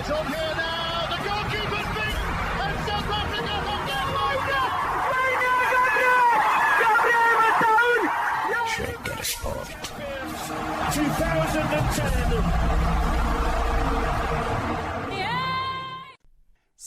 It's okay.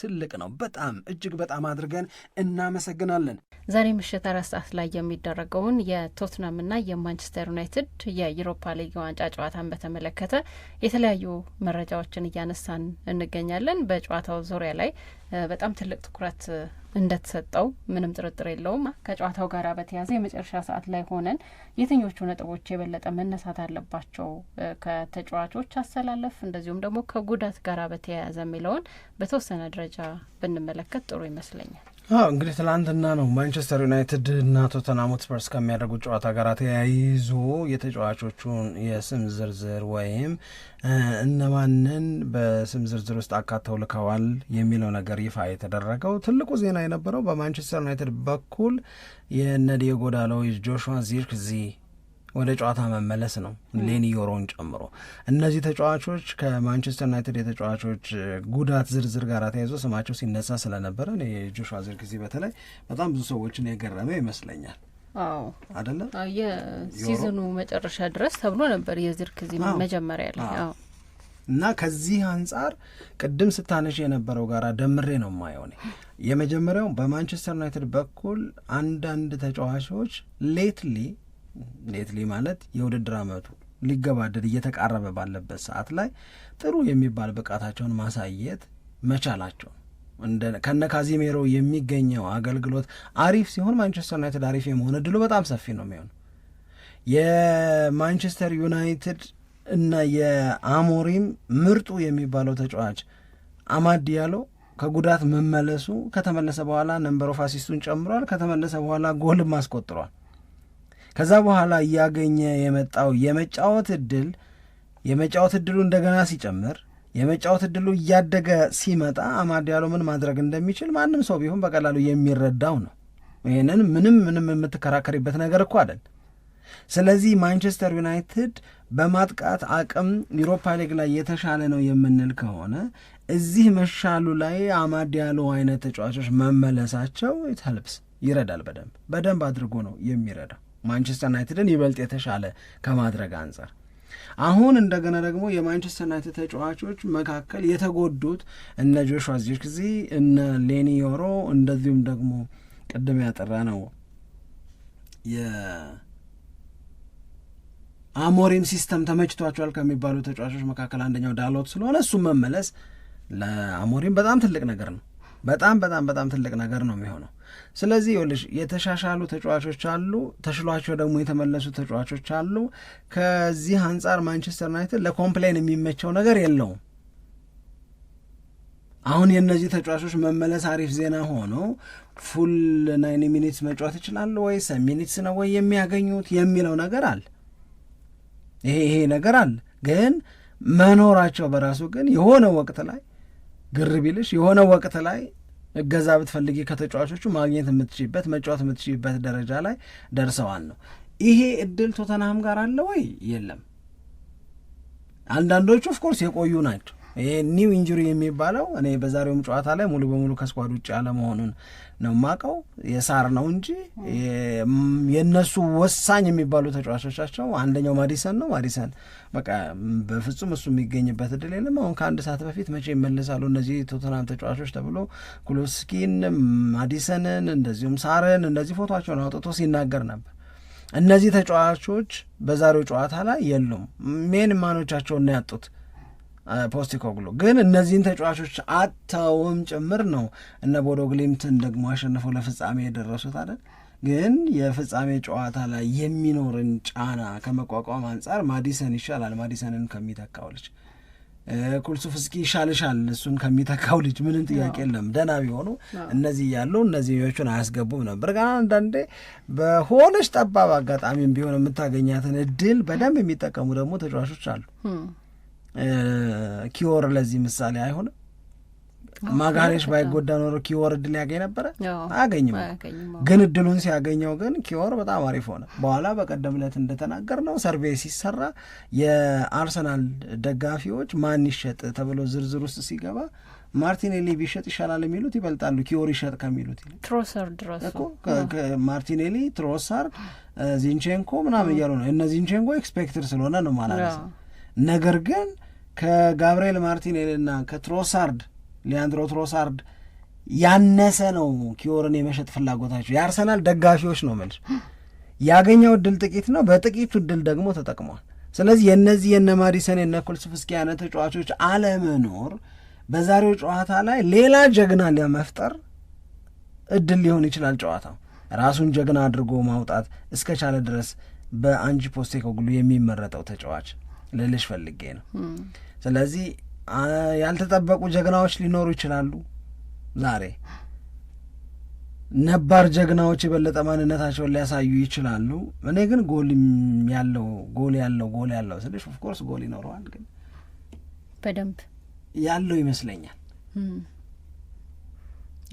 ትልቅ ነው። በጣም እጅግ በጣም አድርገን እናመሰግናለን። ዛሬ ምሽት አራት ሰዓት ላይ የሚደረገውን የቶትናምና የማንቸስተር ዩናይትድ የዩሮፓ ሊግ ዋንጫ ጨዋታን በተመለከተ የተለያዩ መረጃዎችን እያነሳን እንገኛለን። በጨዋታው ዙሪያ ላይ በጣም ትልቅ ትኩረት እንደተሰጠው ምንም ጥርጥር የለውም። ከጨዋታው ጋር በተያያዘ የመጨረሻ ሰዓት ላይ ሆነን የትኞቹ ነጥቦች የበለጠ መነሳት አለባቸው ከተጫዋቾች አሰላለፍ፣ እንደዚሁም ደግሞ ከጉዳት ጋር በተያያዘ የሚለውን በተወሰነ ደረጃ ብንመለከት ጥሩ ይመስለኛል። እንግዲህ ትላንትና ነው ማንቸስተር ዩናይትድ እና ቶተንሃም ሆትስፐርስ ከሚያደርጉት ጨዋታ ጋር ተያይዞ የተጫዋቾቹን የስም ዝርዝር ወይም እነማንን በስም ዝርዝር ውስጥ አካተው ልከዋል የሚለው ነገር ይፋ የተደረገው። ትልቁ ዜና የነበረው በማንቸስተር ዩናይትድ በኩል የነ ዲዮጎ ዳሎት፣ ጆሹዋ ዚርክዚ ወደ ጨዋታ መመለስ ነው። ሌኒ ዮሮን ጨምሮ እነዚህ ተጫዋቾች ከማንቸስተር ዩናይትድ የተጫዋቾች ጉዳት ዝርዝር ጋር ተያይዞ ስማቸው ሲነሳ ስለነበረ የጆሹዋ ዚርክዚ በተለይ በጣም ብዙ ሰዎችን የገረመ ይመስለኛል። አዎ የሲዝኑ መጨረሻ ድረስ ተብሎ ነበር የዚርክዚ መጀመሪያ ላይ እና ከዚህ አንጻር ቅድም ስታነሽ የነበረው ጋራ ደምሬ ነው የማየው እኔ የመጀመሪያው በማንቸስተር ዩናይትድ በኩል አንዳንድ ተጫዋቾች ሌትሊ ኔትሊ ማለት የውድድር ዓመቱ ሊገባደድ እየተቃረበ ባለበት ሰዓት ላይ ጥሩ የሚባል ብቃታቸውን ማሳየት መቻላቸው ከነ ካዚሜሮ የሚገኘው አገልግሎት አሪፍ ሲሆን ማንቸስተር ዩናይትድ አሪፍ የመሆን እድሉ በጣም ሰፊ ነው የሚሆነው። የማንቸስተር ዩናይትድ እና የአሞሪም ምርጡ የሚባለው ተጫዋች አማድ ያለው ከጉዳት መመለሱ ከተመለሰ በኋላ ነንበር ኦፍ አሲስቱን ጨምሯል። ከተመለሰ በኋላ ጎልም አስቆጥሯል። ከዛ በኋላ እያገኘ የመጣው የመጫወት እድል የመጫወት እድሉ እንደገና ሲጨምር የመጫወት እድሉ እያደገ ሲመጣ አማድ ያለው ምን ማድረግ እንደሚችል ማንም ሰው ቢሆን በቀላሉ የሚረዳው ነው። ይህንን ምንም ምንም የምትከራከሪበት ነገር እኮ አይደል። ስለዚህ ማንቸስተር ዩናይትድ በማጥቃት አቅም ዩሮፓ ሊግ ላይ የተሻለ ነው የምንል ከሆነ እዚህ መሻሉ ላይ አማድ ያሎ አይነት ተጫዋቾች መመለሳቸው ይተልብስ ይረዳል። በደንብ በደንብ አድርጎ ነው የሚረዳው። ማንቸስተር ዩናይትድን ይበልጥ የተሻለ ከማድረግ አንጻር አሁን እንደገና ደግሞ የማንቸስተር ዩናይትድ ተጫዋቾች መካከል የተጎዱት እነ ጆሹዋ ዚርክዚ እነ ዮሮ እንደዚሁም ደግሞ ቅድም ያጠራ ነው የአሞሪም ሲስተም ተመችቷቸዋል ከሚባሉ ተጫዋቾች መካከል አንደኛው ዳሎት ስለሆነ እሱ መመለስ ለአሞሪም በጣም ትልቅ ነገር ነው። በጣም በጣም በጣም ትልቅ ነገር ነው የሚሆነው። ስለዚህ ይኸውልሽ የተሻሻሉ ተጫዋቾች አሉ፣ ተሽሏቸው ደግሞ የተመለሱ ተጫዋቾች አሉ። ከዚህ አንጻር ማንቸስተር ዩናይትድ ለኮምፕሌን የሚመቸው ነገር የለውም። አሁን የእነዚህ ተጫዋቾች መመለስ አሪፍ ዜና ሆኖ ፉል ናይን ሚኒትስ መጫወት ይችላሉ ወይ ሚኒትስ ነው ወይ የሚያገኙት የሚለው ነገር አለ። ይሄ ይሄ ነገር አለ ግን መኖራቸው በራሱ ግን የሆነ ወቅት ላይ ግር ቢልሽ የሆነ ወቅት ላይ እገዛ ብትፈልጊ ከተጫዋቾቹ ማግኘት የምትችይበት መጫወት የምትችይበት ደረጃ ላይ ደርሰዋል ነው። ይሄ እድል ቶተንሃም ጋር አለ ወይ? የለም። አንዳንዶቹ ኦፍኮርስ የቆዩ ናቸው። ኒው ኢንጁሪ የሚባለው እኔ በዛሬውም ጨዋታ ላይ ሙሉ በሙሉ ከስኳድ ውጭ ያለመሆኑን ነው ማቀው። የሳር ነው እንጂ የነሱ ወሳኝ የሚባሉ ተጫዋቾቻቸው አንደኛው ማዲሰን ነው። ማዲሰን በቃ በፍጹም እሱ የሚገኝበት እድል የለም። አሁን ከአንድ ሰዓት በፊት መቼ ይመለሳሉ እነዚህ ቶተናም ተጫዋቾች ተብሎ ኩሎስኪን፣ ማዲሰንን እንደዚሁም ሳርን እንደዚህ ፎቶቸውን አውጥቶ ሲናገር ነበር። እነዚህ ተጫዋቾች በዛሬው ጨዋታ ላይ የሉም። ሜን ማኖቻቸውን ነው ያጡት። ፖስቲኮግሎ ግን እነዚህን ተጫዋቾች አጥተውም ጭምር ነው እነ ቦዶ ግሊምትን ደግሞ አሸንፈው ለፍጻሜ የደረሱት አይደል። ግን የፍጻሜ ጨዋታ ላይ የሚኖርን ጫና ከመቋቋም አንጻር ማዲሰን ይሻላል፣ ማዲሰንን ከሚተካው ልጅ ኩልሱፍስኪ ይሻልሻል፣ እሱን ከሚተካው ልጅ ምንም ጥያቄ የለም። ደህና ቢሆኑ እነዚህ ያሉ እነዚህኞቹን አያስገቡም ነበር። ግን አንዳንዴ በሆነች ጠባብ አጋጣሚም ቢሆን የምታገኛትን እድል በደንብ የሚጠቀሙ ደግሞ ተጫዋቾች አሉ። ኪወር ለዚህ ምሳሌ አይሆንም። ማጋሬሽ ባይጎዳ ኖሮ ኪወር እድል ያገኝ ነበረ፣ አያገኝም። ግን እድሉን ሲያገኘው ግን ኪወር በጣም አሪፍ ሆነ። በኋላ በቀደም ዕለት እንደተናገር ነው ሰርቬ ሲሰራ የአርሰናል ደጋፊዎች ማን ይሸጥ ተብሎ ዝርዝር ውስጥ ሲገባ ማርቲኔሊ ቢሸጥ ይሻላል የሚሉት ይበልጣሉ፣ ኪዮር ይሸጥ ከሚሉት ትሮሳርድ እኮ ማርቲኔሊ፣ ትሮሳርድ፣ ዚንቼንኮ ምናምን እያሉ ነው። እነ ዚንቼንኮ ኤክስፔክትድ ስለሆነ ነው ማለት ነገር ግን ከጋብርኤል ማርቲኔልና ከትሮሳርድ ሊያንድሮ ትሮሳርድ ያነሰ ነው ኪዮርን የመሸጥ ፍላጎታቸው። የአርሰናል ደጋፊዎች ነው መልስ ያገኘው እድል ጥቂት ነው፣ በጥቂቱ እድል ደግሞ ተጠቅሟል። ስለዚህ የእነዚህ የነ ማዲሰን የነ ኩልስፍስኪ ተጫዋቾች አለመኖር በዛሬው ጨዋታ ላይ ሌላ ጀግና ለመፍጠር እድል ሊሆን ይችላል። ጨዋታው ራሱን ጀግና አድርጎ ማውጣት እስከቻለ ድረስ በአንጂ ፖስቴኮግሉ የሚመረጠው ተጫዋች ልልሽ ፈልጌ ነው። ስለዚህ ያልተጠበቁ ጀግናዎች ሊኖሩ ይችላሉ። ዛሬ ነባር ጀግናዎች የበለጠ ማንነታቸውን ሊያሳዩ ይችላሉ። እኔ ግን ጎል ያለው ጎል ያለው ጎል ያለው ስልሽ ኦፍኮርስ ጎል ይኖረዋል፣ ግን በደንብ ያለው ይመስለኛል።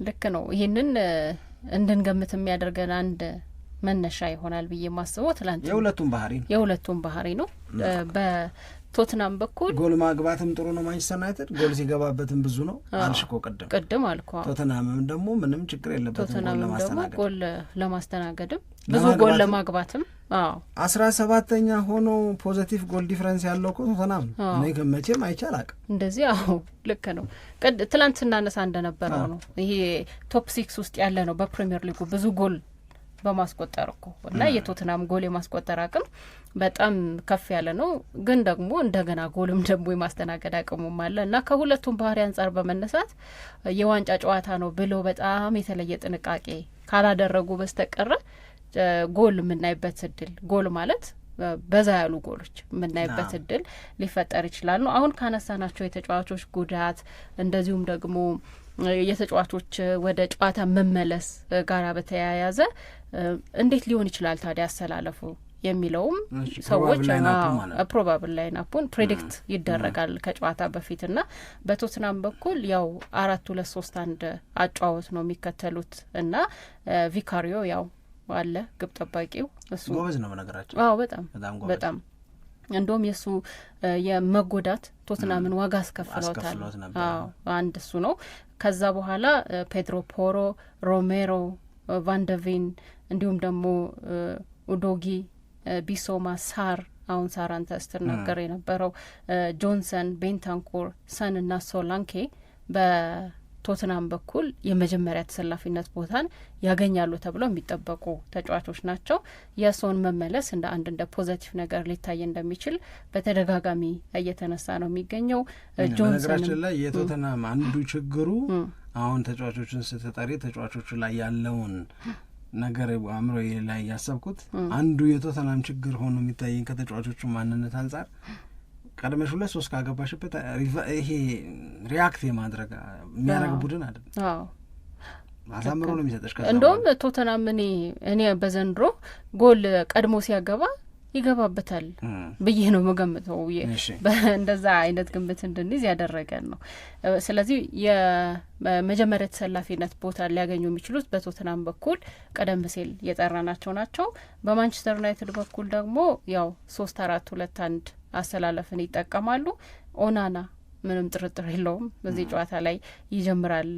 ልክ ነው። ይህንን እንድንገምት የሚያደርገን አንድ መነሻ ይሆናል ብዬ ማስበው ትላንት የሁለቱም ባህሪ ነው የሁለቱም ባህሪ ነው። ቶትናም በኩል ጎል ማግባትም ጥሩ ነው። ማንቸስተር ዩናይትድ ጎል ሲገባበትም ብዙ ነው። አልሽኮ ቅድም ቅድም አልኩ። ቶትናምም ደግሞ ምንም ችግር የለበትም። ጎል ለማስተናገድም ብዙ ጎል ለማግባትም አስራ ሰባተኛ ሆኖ ፖዘቲቭ ጎል ዲፍረንስ ያለው እኮ ቶተናም ነው። እኔ መቼም አይቻል አቅ እንደዚህ አዎ፣ ልክ ነው። ትላንት ስናነሳ እንደነበረው ነው። ይሄ ቶፕ ሲክስ ውስጥ ያለ ነው በፕሪሚየር ሊጉ ብዙ ጎል በማስቆጠር እኮ እና የቶትናም ጎል የማስቆጠር አቅም በጣም ከፍ ያለ ነው። ግን ደግሞ እንደገና ጎልም ደግሞ የማስተናገድ አቅሙም አለ እና ከሁለቱም ባህሪ አንጻር በመነሳት የዋንጫ ጨዋታ ነው ብሎ በጣም የተለየ ጥንቃቄ ካላደረጉ በስተቀረ ጎል የምናይበት እድል ጎል ማለት በዛ ያሉ ጎሎች የምናይበት እድል ሊፈጠር ይችላል ነው አሁን ካነሳናቸው የተጫዋቾች ጉዳት እንደዚሁም ደግሞ የተጫዋቾች ወደ ጨዋታ መመለስ ጋራ በተያያዘ እንዴት ሊሆን ይችላል ታዲያ አሰላለፉ የሚለውም ሰዎች ፕሮባብል ላይን አፑን ፕሬዲክት ይደረጋል ከጨዋታ በፊት እና በቶትናም በኩል ያው አራት ሁለት ሶስት አንድ አጫወት ነው የሚከተሉት እና ቪካሪዮ ያው አለ ግብ ጠባቂው እሱ ጎበዝ ነው በነገራቸው በጣም በጣም እንደውም የእሱ የመጎዳት ቶትናምን ዋጋ አስከፍሎታል። አንድ እሱ ነው። ከዛ በኋላ ፔድሮ ፖሮ፣ ሮሜሮ፣ ቫንደቬን እንዲሁም ደግሞ ኡዶጊ፣ ቢሶማ፣ ሳር አሁን ሳራን ነገር የነበረው ጆንሰን፣ ቤንታንኮር፣ ሰን እና ሶላንኬ በ ቶትናም በኩል የመጀመሪያ ተሰላፊነት ቦታን ያገኛሉ ተብለው የሚጠበቁ ተጫዋቾች ናቸው። የሰውን መመለስ እንደ አንድ እንደ ፖዘቲቭ ነገር ሊታይ እንደሚችል በተደጋጋሚ እየተነሳ ነው የሚገኘው። ጆንሰንነገራችን ላይ የቶትናም አንዱ ችግሩ አሁን ተጫዋቾችን ስትጠሪ ተጫዋቾቹ ላይ ያለውን ነገር አእምሮ ላይ ያሰብኩት አንዱ የቶተናም ችግር ሆኖ የሚታየኝ ከተጫዋቾቹ ማንነት አንጻር ቀድመሽ ሁለት ሶስት ካገባሽበት ይሄ ሪያክት የማድረግ የሚያደርግ ቡድን አይደለም። አሳምሮ ነው የሚሰጠሽ። እንደውም ቶተናም እኔ እኔ በዘንድሮ ጎል ቀድሞ ሲያገባ ይገባበታል ብዬ ነው መገምተው። እንደዛ አይነት ግምት እንድንይዝ ያደረገን ነው። ስለዚህ የመጀመሪያ ተሰላፊነት ቦታ ሊያገኙ የሚችሉት በቶትናም በኩል ቀደም ሲል የጠራናቸው ናቸው። በማንቸስተር ዩናይትድ በኩል ደግሞ ያው ሶስት አራት ሁለት አንድ አሰላለፍን ይጠቀማሉ። ኦናና ምንም ጥርጥር የለውም በዚህ ጨዋታ ላይ ይጀምራል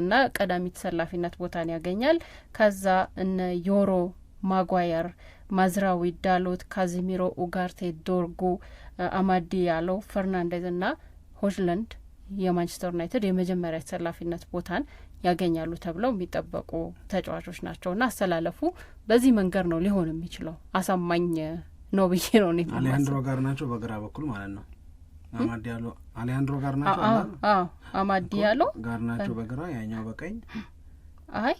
እና ቀዳሚ ተሰላፊነት ቦታን ያገኛል። ከዛ እነ ዮሮ ማጓየር፣ ማዝራዊ፣ ዳሎት፣ ካዚሚሮ፣ ኡጋርቴ፣ ዶርጉ፣ አማዲ ያለው ፈርናንዴዝ እና ሆጅለንድ የማንቸስተር ዩናይትድ የመጀመሪያ ተሰላፊነት ቦታን ያገኛሉ ተብለው የሚጠበቁ ተጫዋቾች ናቸው እና አሰላለፉ በዚህ መንገድ ነው ሊሆን የሚችለው አሳማኝ ነው ብዬ ነው እኔ አሌሃንድሮ ጋር ናቸው በግራ በኩል ማለት ነው። አማዲ ያሎ አሌሃንድሮ ጋር ናቸው። አዎ አማዲ ያሎ ጋር ናቸው በግራ ያኛው በቀኝ። አይ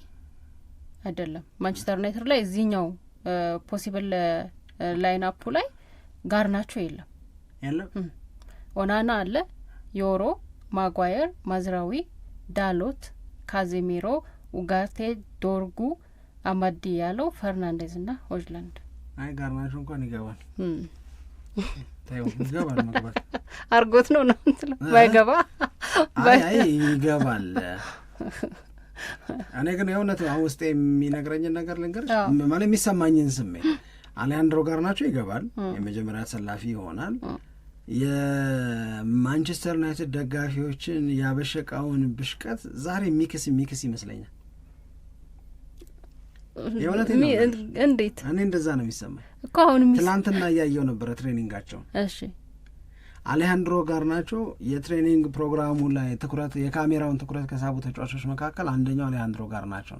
አይደለም ማንቸስተር ዩናይትድ ላይ እዚህኛው ፖሲብል ላይን አፑ ላይ ጋር ናቸው የለም የለም። ኦናና አለ፣ ዮሮ፣ ማጓየር፣ ማዝራዊ፣ ዳሎት፣ ካዜሚሮ፣ ኡጋርቴ፣ ዶርጉ፣ አማዲ ያለው፣ ፈርናንዴዝ ና ሆጅላንድ አይ ጋርናሹ እንኳን ይገባል ይገባል መግባት አርጎት ነው ነው ምትለው ባይገባ ይገባል። እኔ ግን የእውነት አሁን ውስጤ የሚነግረኝን ነገር ልንገርሽ፣ ማለት የሚሰማኝን ስሜት አሌሃንድሮ ጋርናቾ ይገባል፣ የመጀመሪያ ተሰላፊ ይሆናል። የማንቸስተር ዩናይትድ ደጋፊዎችን ያበሸቃውን ብሽቀት ዛሬ ሚክስ ሚክስ ይመስለኛል እንዴት እኔ እንደዛ ነው የሚሰማኝ እኮ አሁን ትላንትና እያየው ነበረ ትሬኒንጋቸው። እሺ አሌሃንድሮ ጋር ናቸው የትሬኒንግ ፕሮግራሙ ላይ ትኩረት የካሜራውን ትኩረት ከሳቡ ተጫዋቾች መካከል አንደኛው አሌሃንድሮ ጋር ናቸው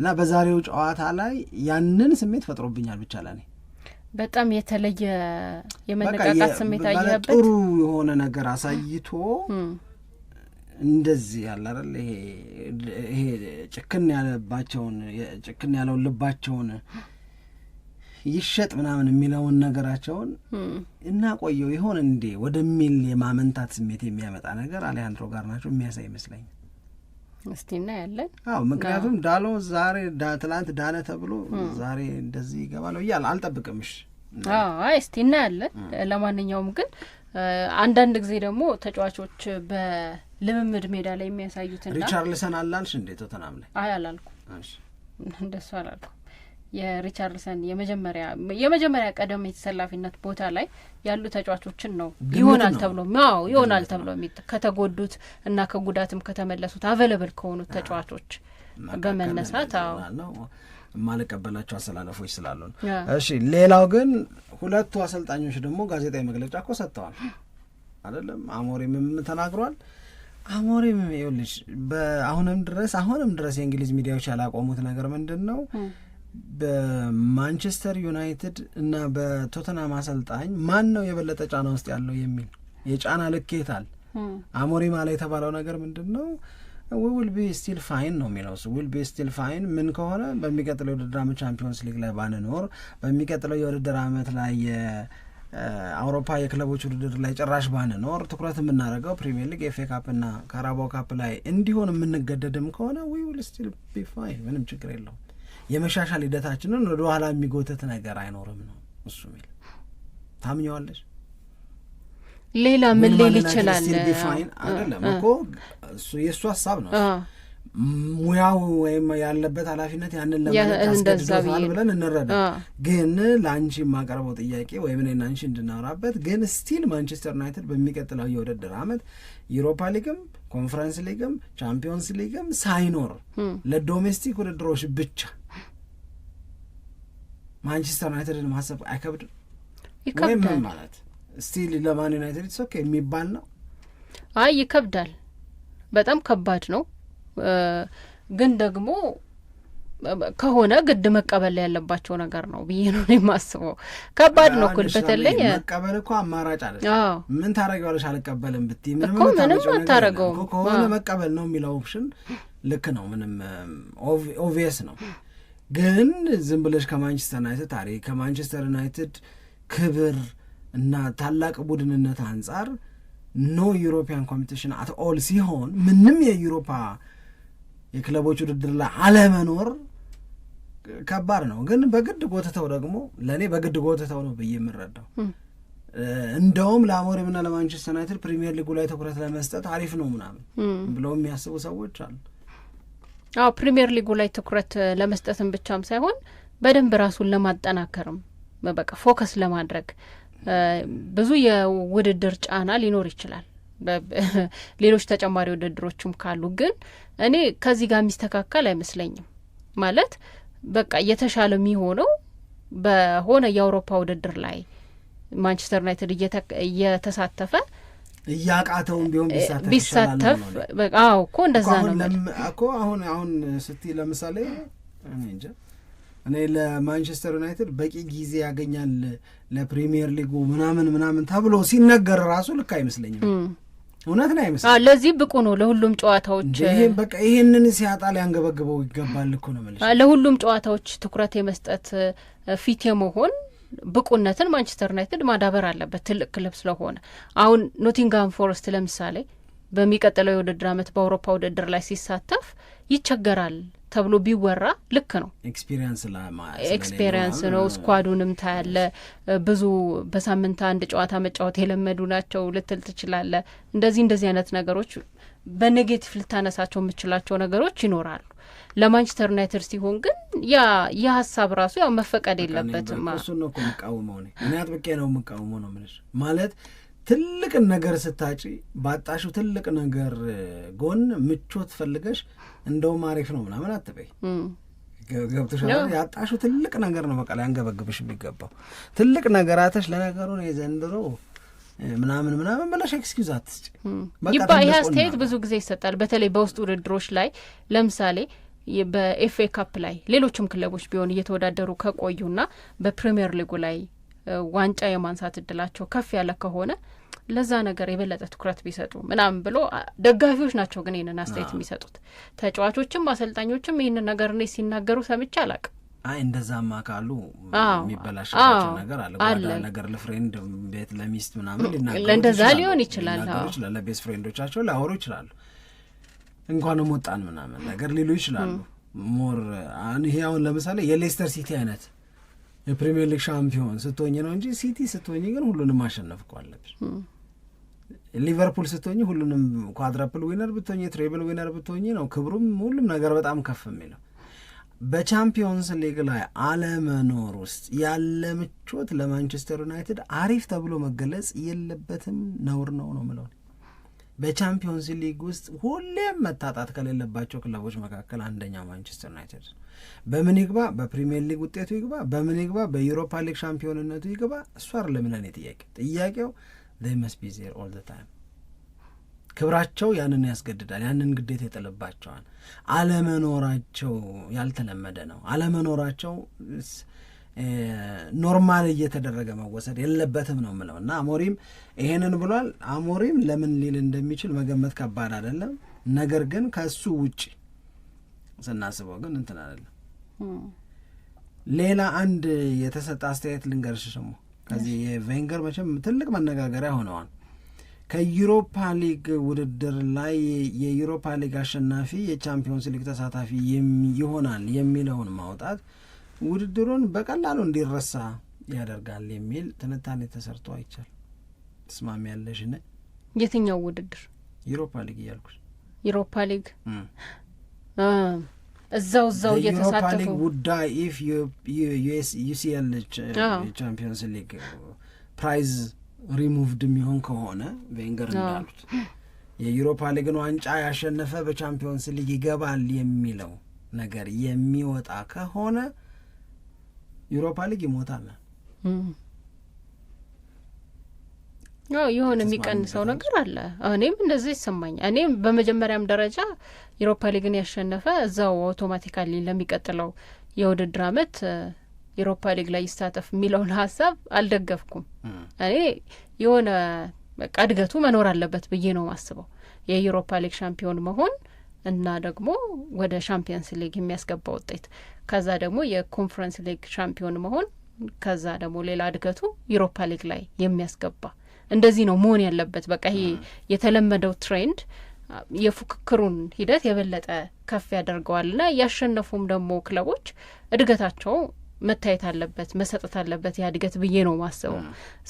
እና በዛሬው ጨዋታ ላይ ያንን ስሜት ፈጥሮብኛል። ብቻ ለኔ በጣም የተለየ የመነቃቃት ስሜት አየበት ጥሩ የሆነ ነገር አሳይቶ እንደዚህ ያለ አይደል ይሄ ጭክን ያለባቸውን ጭክን ያለውን ልባቸውን ይሸጥ ምናምን የሚለውን ነገራቸውን እና ቆየው ይሆን እንዴ ወደሚል የማመንታት ስሜት የሚያመጣ ነገር አሌሃንድሮ ጋር ናቸው የሚያሳይ ይመስለኝ። እስቲ ያለን። አዎ ምክንያቱም ዳሎ ዛሬ ትላንት ዳነ ተብሎ ዛሬ እንደዚህ ይገባለሁ እያለ አልጠብቅምሽ። አይ እስቲ ያለን። ለማንኛውም ግን አንዳንድ ጊዜ ደግሞ ተጫዋቾች በ ልምምድ ሜዳ ላይ የሚያሳዩትና ሪቻርልሰን አላልሽ እንዴ? ቶተናም ላይ አይ አላልኩ እንደሱ አላልኩም። የሪቻርልሰን የመጀመሪያ የመጀመሪያ ቀደም የተሰላፊነት ቦታ ላይ ያሉ ተጫዋቾችን ነው ይሆናል ተብሎ ው ይሆናል ተብሎ ከተጎዱት እና ከጉዳትም ከተመለሱት አቬለብል ከሆኑት ተጫዋቾች በመነሳት ነው የማልቀበላቸው አሰላለፎች ስላሉ ነው። እሺ፣ ሌላው ግን ሁለቱ አሰልጣኞች ደግሞ ጋዜጣዊ መግለጫ እኮ ሰጥተዋል አይደለም? አሞሪምም ተናግሯል። አሞሪም ይኸውልሽ፣ አሁንም ድረስ አሁንም ድረስ የእንግሊዝ ሚዲያዎች ያላቆሙት ነገር ምንድን ነው? በማንቸስተር ዩናይትድ እና በቶተናም አሰልጣኝ ማን ነው የበለጠ ጫና ውስጥ ያለው የሚል የጫና ልኬት አለ። አሞሪም አለ የተባለው ነገር ምንድን ነው? ውል ቢ ስቲል ፋይን ነው የሚለው እሱ። ውል ቢ ስቲል ፋይን ምን ከሆነ በሚቀጥለው የውድድር ዓመት ቻምፒዮንስ ሊግ ላይ ባንኖር፣ በሚቀጥለው የውድድር ዓመት ላይ አውሮፓ የክለቦች ውድድር ላይ ጭራሽ ባንኖር ትኩረት የምናደርገው ፕሪሚየር ሊግ፣ ኤፍ ኤ ካፕና ካራባው ካፕ ላይ እንዲሆን የምንገደድም ከሆነ ዊ ዊል ስቲል ቢ ፋይን፣ ምንም ችግር የለውም። የመሻሻል ሂደታችንን ወደ ኋላ የሚጎተት ነገር አይኖርም ነው እሱ ሚል ታምኘዋለች። ሌላ ምን ሊል ይችላል? አይደለም እኮ የእሱ ሀሳብ ነው ሙያው ወይም ያለበት ኃላፊነት ያንን ለማስገድዶታል ብለን እንረዳ። ግን ለአንቺ የማቀርበው ጥያቄ ወይም እኔና አንቺ እንድናወራበት ግን ስቲል ማንቸስተር ዩናይትድ በሚቀጥለው የውድድር ዓመት ዩሮፓ ሊግም ኮንፈረንስ ሊግም ቻምፒዮንስ ሊግም ሳይኖር ለዶሜስቲክ ውድድሮች ብቻ ማንቸስተር ዩናይትድን ማሰብ አይከብድም ወይም ምን ማለት ስቲል ለማን ዩናይትድ ሶክ የሚባል ነው። አይ ይከብዳል፣ በጣም ከባድ ነው። ግን ደግሞ ከሆነ ግድ መቀበል ያለባቸው ነገር ነው ብዬ ነው የማስበው። ከባድ ነው እኩል በተለይ መቀበል እኮ አማራጭ አለ። ምን ታደረገዋለሽ? አልቀበልም ብት ምንም አታረገውም። ከሆነ መቀበል ነው የሚለው ኦፕሽን ልክ ነው፣ ምንም ኦቪየስ ነው። ግን ዝም ብለሽ ከማንቸስተር ዩናይትድ ታሪክ ከማንቸስተር ዩናይትድ ክብር እና ታላቅ ቡድንነት አንጻር ኖ ዩሮፒያን ኮምፒቲሽን አት ኦል ሲሆን ምንም የዩሮፓ የክለቦች ውድድር ላይ አለመኖር ከባድ ነው። ግን በግድ ጎትተው ደግሞ ለእኔ በግድ ጎትተው ነው ብዬ የምረዳው እንደውም ለአሞሪምና ለማንቸስተር ዩናይትድ ፕሪሚየር ሊጉ ላይ ትኩረት ለመስጠት አሪፍ ነው ምናምን ብለው የሚያስቡ ሰዎች አሉ። አዎ ፕሪሚየር ሊጉ ላይ ትኩረት ለመስጠትም ብቻም ሳይሆን በደንብ ራሱን ለማጠናከርም በቃ ፎከስ ለማድረግ ብዙ የውድድር ጫና ሊኖር ይችላል። ሌሎች ተጨማሪ ውድድሮችም ካሉ ግን እኔ ከዚህ ጋር የሚስተካከል አይመስለኝም። ማለት በቃ እየተሻለ የሚሆነው በሆነ የአውሮፓ ውድድር ላይ ማንቸስተር ዩናይትድ እየተሳተፈ እያቃተውም ቢሆን ቢሳተፍ ቢሳተፍ እኮ እንደዛ ነው እኮ አሁን አሁን ስቲ ለምሳሌ እኔ ለማንቸስተር ዩናይትድ በቂ ጊዜ ያገኛል ለፕሪሚየር ሊጉ ምናምን ምናምን ተብሎ ሲነገር ራሱ ልክ አይመስለኝም። እውነት ነው አይመስል ለዚህ ብቁ ነው ለሁሉም ጨዋታዎች በቃ ይህንን ሲያጣ ሊያንገበግበው ይገባል እኮ ነው የምልሽ ለሁሉም ጨዋታዎች ትኩረት የመስጠት ፊት የመሆን ብቁነትን ማንቸስተር ዩናይትድ ማዳበር አለበት ትልቅ ክለብ ስለሆነ አሁን ኖቲንግሃም ፎረስት ለምሳሌ በሚቀጥለው የውድድር አመት በአውሮፓ ውድድር ላይ ሲሳተፍ ይቸገራል ተብሎ ቢወራ ልክ ነው። ኤክስፔሪንስ ነው። ስኳዱንም ታያለ። ብዙ በሳምንት አንድ ጨዋታ መጫወት የለመዱ ናቸው ልትል ትችላለ። እንደዚህ እንደዚህ አይነት ነገሮች በኔጌቲቭ ልታነሳቸው የምችላቸው ነገሮች ይኖራሉ። ለማንቸስተር ዩናይትድ ሲሆን ግን ያ የሀሳብ ራሱ ያው መፈቀድ የለበትም። ነው እኮ የምቃወመው እኔ። ምክንያት ብቄ ነው የምቃወመው ነው ማለት ትልቅ ነገር ስታጪ ባጣሽው ትልቅ ነገር ጎን ምቾት ፈልገሽ እንደውም አሪፍ ነው ምናምን አትበይ። ገብቶሻል። ያጣሽው ትልቅ ነገር ነው በቃ ሊያንገበግብሽ የሚገባው ትልቅ ነገር አተሽ ለነገሩ ነው የዘንድሮ ምናምን ምናምን ብለሽ ኤክስኪውዝ አትስጭ። ይባ ይህ አስተያየት ብዙ ጊዜ ይሰጣል። በተለይ በውስጥ ውድድሮች ላይ ለምሳሌ በኤፍኤ ካፕ ላይ ሌሎችም ክለቦች ቢሆን እየተወዳደሩ ከቆዩና በፕሪምየር ሊጉ ላይ ዋንጫ የማንሳት እድላቸው ከፍ ያለ ከሆነ ለዛ ነገር የበለጠ ትኩረት ቢሰጡ ምናምን ብሎ ደጋፊዎች ናቸው ግን ይህንን አስተያየት የሚሰጡት ተጫዋቾችም አሰልጣኞችም ይህንን ነገር እኔ ሲናገሩ ሰምቼ አላቅም። አይ እንደዛማ ካሉ የሚበላሽባቸው ነገር አለ። ነገር ለፍሬንድ ቤት ለሚስት ምናምን ሊናገሩእንደዛ ሊሆን ይችላል። ለቤስት ፍሬንዶቻቸው ሊያወሩ ይችላሉ። እንኳንም ወጣን ምናምን ነገር ሊሉ ይችላሉ። ሞር ይሄ አሁን ለምሳሌ የሌስተር ሲቲ አይነት የፕሪሚየር ሊግ ሻምፒዮን ስትሆኝ ነው እንጂ ሲቲ ስትሆኝ ግን ሁሉንም ማሸነፍ እኮ አለብሽ። ሊቨርፑል ስትሆኝ ሁሉንም ኳድራፕል ዊነር ብትሆኝ ትሬብል ዊነር ብትሆኝ ነው ክብሩም ሁሉም ነገር በጣም ከፍ የሚለው። በቻምፒዮንስ ሊግ ላይ አለመኖር ውስጥ ያለ ምቾት ለማንቸስተር ዩናይትድ አሪፍ ተብሎ መገለጽ የለበትም፣ ነውር ነው ነው ምለው። በቻምፒዮንስ ሊግ ውስጥ ሁሌም መታጣት ከሌለባቸው ክለቦች መካከል አንደኛ ማንቸስተር ዩናይትድ በምን ይግባ፣ በፕሪሚየር ሊግ ውጤቱ ይግባ፣ በምን ይግባ፣ በዩሮፓ ሊግ ሻምፒዮንነቱ ይግባ፣ እሷ ለምለን ጥያቄ ጥያቄው they must be ክብራቸው ያንን ያስገድዳል። ያንን ግዴታ ይጥልባቸዋል። አለመኖራቸው ያልተለመደ ነው። አለመኖራቸው ኖርማል እየተደረገ መወሰድ የለበትም ነው የምለው እና አሞሪም ይሄንን ብሏል። አሞሪም ለምን ሊል እንደሚችል መገመት ከባድ አይደለም። ነገር ግን ከሱ ውጭ ስናስበው ግን እንትን አይደለም። ሌላ አንድ የተሰጠ አስተያየት ልንገርሽ ሽሞ ከዚህ የቬንገር መቼም ትልቅ መነጋገሪያ ሆነዋል። ከዩሮፓ ሊግ ውድድር ላይ የዩሮፓ ሊግ አሸናፊ የቻምፒዮንስ ሊግ ተሳታፊ ይሆናል የሚለውን ማውጣት ውድድሩን በቀላሉ እንዲረሳ ያደርጋል የሚል ትንታኔ ተሰርቶ አይቻል። ተስማሚ ያለሽን የትኛው ውድድር? ዩሮፓ ሊግ እያልኩሽ ዩሮፓ ሊግ እዛው እዛው እየተሳተፉ ጉዳይ ኢፍ ዩሲኤል ሊግ ፕራይዝ ሪሙቭድ የሚሆን ከሆነ ቬንገር እንዳሉት የዩሮፓ ሊግን ዋንጫ ያሸነፈ በቻምፒዮንስ ሊግ ይገባል የሚለው ነገር የሚወጣ ከሆነ ዩሮፓ ሊግ ይሞታል። የሆነ የሚቀንሰው ነገር አለ። እኔም እንደዚህ ይሰማኛል። እኔም በመጀመሪያም ደረጃ ዩሮፓ ሊግን ያሸነፈ እዛው አውቶማቲካሊ ለሚቀጥለው የውድድር አመት ዩሮፓ ሊግ ላይ ይሳተፍ የሚለውን ሀሳብ አልደገፍኩም። እኔ የሆነ በቃ እድገቱ መኖር አለበት ብዬ ነው ማስበው። የዩሮፓ ሊግ ሻምፒዮን መሆን እና ደግሞ ወደ ሻምፒየንስ ሊግ የሚያስገባ ውጤት፣ ከዛ ደግሞ የኮንፈረንስ ሊግ ሻምፒዮን መሆን፣ ከዛ ደግሞ ሌላ እድገቱ ዩሮፓ ሊግ ላይ የሚያስገባ እንደዚህ ነው መሆን ያለበት። በቃ ይሄ የተለመደው ትሬንድ የፉክክሩን ሂደት የበለጠ ከፍ ያደርገዋልና ያሸነፉም ደግሞ ክለቦች እድገታቸው መታየት አለበት መሰጠት አለበት ያ እድገት ብዬ ነው ማስበው።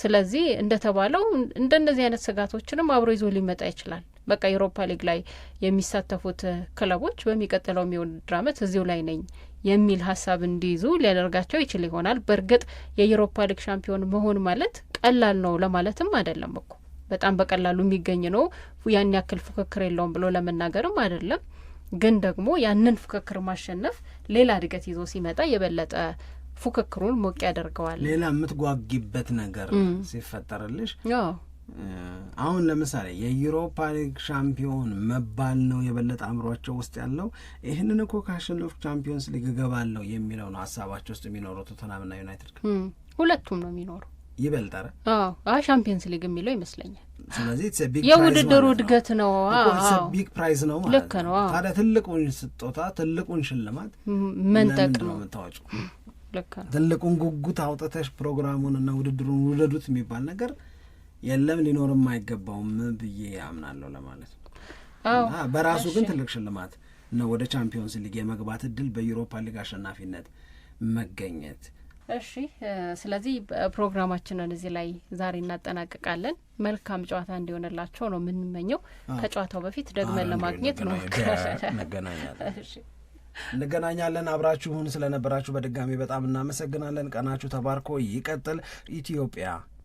ስለዚህ እንደተባለው እንደነዚህ አይነት ስጋቶችንም አብሮ ይዞ ሊመጣ ይችላል። በቃ ዩሮፓ ሊግ ላይ የሚሳተፉት ክለቦች በሚቀጥለው የውድድር አመት እዚሁ ላይ ነኝ የሚል ሀሳብ እንዲይዙ ሊያደርጋቸው ይችል ይሆናል። በእርግጥ የዩሮፓ ሊግ ሻምፒዮን መሆን ማለት ቀላል ነው ለማለትም አይደለም እኮ በጣም በቀላሉ የሚገኝ ነው። ያን ያክል ፉክክር የለውም ብሎ ለመናገርም አይደለም። ግን ደግሞ ያንን ፉክክር ማሸነፍ ሌላ እድገት ይዞ ሲመጣ የበለጠ ፉክክሩን ሞቅ ያደርገዋል። ሌላ የምትጓጊበት ነገር ሲፈጠርልሽ አሁን ለምሳሌ የዩሮፓ ሊግ ሻምፒዮን መባል ነው የበለጠ አእምሯቸው ውስጥ ያለው። ይህንን እኮ ካሸነፍኩ ቻምፒዮንስ ሊግ እገባለሁ የሚለው ነው ሀሳባቸው ውስጥ የሚኖረው ቶተናምና ዩናይትድ ሁለቱም ነው የሚኖሩ ይበልጣል ሻምፒየንስ ሊግ የሚለው ይመስለኛል። ስለዚህ የውድድሩ እድገት ነው፣ ቢግ ፕራይዝ ነው ማለት ልክ ነው። ታዲያ ትልቁን ስጦታ ትልቁን ሽልማት መንጠቅ ነው የምታወጪው። ትልቁን ጉጉት አውጥተሽ ፕሮግራሙን እና ውድድሩን ውደዱት የሚባል ነገር የለም ሊኖርም አይገባውም ብዬ አምናለሁ ለማለት ነው። በራሱ ግን ትልቅ ሽልማት ነው ወደ ቻምፒዮንስ ሊግ የመግባት እድል በዩሮፓ ሊግ አሸናፊነት መገኘት። እሺ ስለዚህ ፕሮግራማችንን እዚህ ላይ ዛሬ እናጠናቅቃለን። መልካም ጨዋታ እንዲሆንላቸው ነው የምንመኘው። ከጨዋታው በፊት ደግመን ለማግኘት ነው እንገናኛለን እንገናኛለን። አብራችሁን ስለነበራችሁ በድጋሚ በጣም እናመሰግናለን። ቀናችሁ ተባርኮ ይቀጥል። ኢትዮጵያ